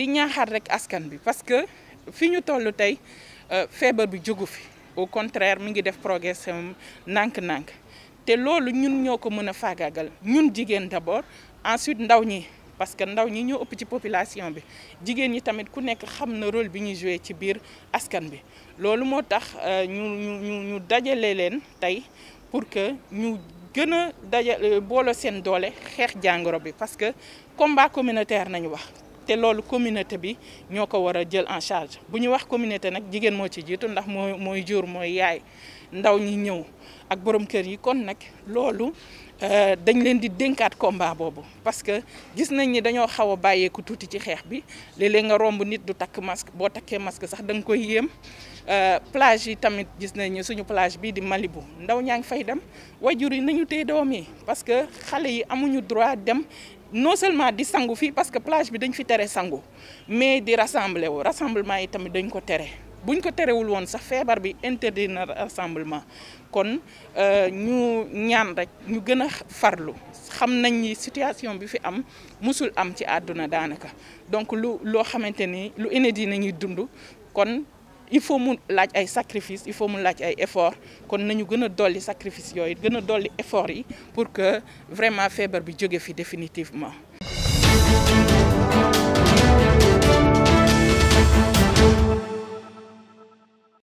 di rek askan parce que fi ñu toll tey euh, au contraire mi ngi def progression nank nank. te loolu ñun d'abord ensuite ndaw parce que ndaw ñi population bi jigéen ñi tamit ku nekk rôle bi joué ci askan pour que ñu gën a dajale euh, parce que combat communautaire te loolu communauté bi ñoo ko war a jël en charge bu ñu wax communauté nag jigéen moo ci jiitu ndax mooy mooy jur mooy yaay ndaw ñi ñëw ak borom kër yi kon nag loolu euh, dañ leen di dénkaat combat boobu parce que gis nañ ni dañoo xaw a bàyyeeku tuuti ci xeex bi léeg nga romb nit du takk masque boo takkee masque sax danga koy yéem euh, plage yi tamit gis nañ ni suñu plage bii di mali Malibu ndaw ñaa ngi fay dem wajur yi nañu téye doom yi parce que xale yi amuñu droit dem non seulement di sangu fi parce que plage bi dañ fi téré sangu mais di rassembler wu rassemblement yi tamit dañ ko téré buñ ko wul won sax fébar bi interdit na rassemblement kon euh, ñu ñaan rek ñu gëna farlu xam nañ ni situation bi fi am musul am ci aduna danaka donc lu lo xamanteni lu inédit nañuy d'undu kon il faut mu laaj ay sacrifice il faut mu laaj ay effort kon nañu gëna a dolli sacrifice yooyu gën a dolli effort yi pour que vraiment feebar bi jóge fi définitivement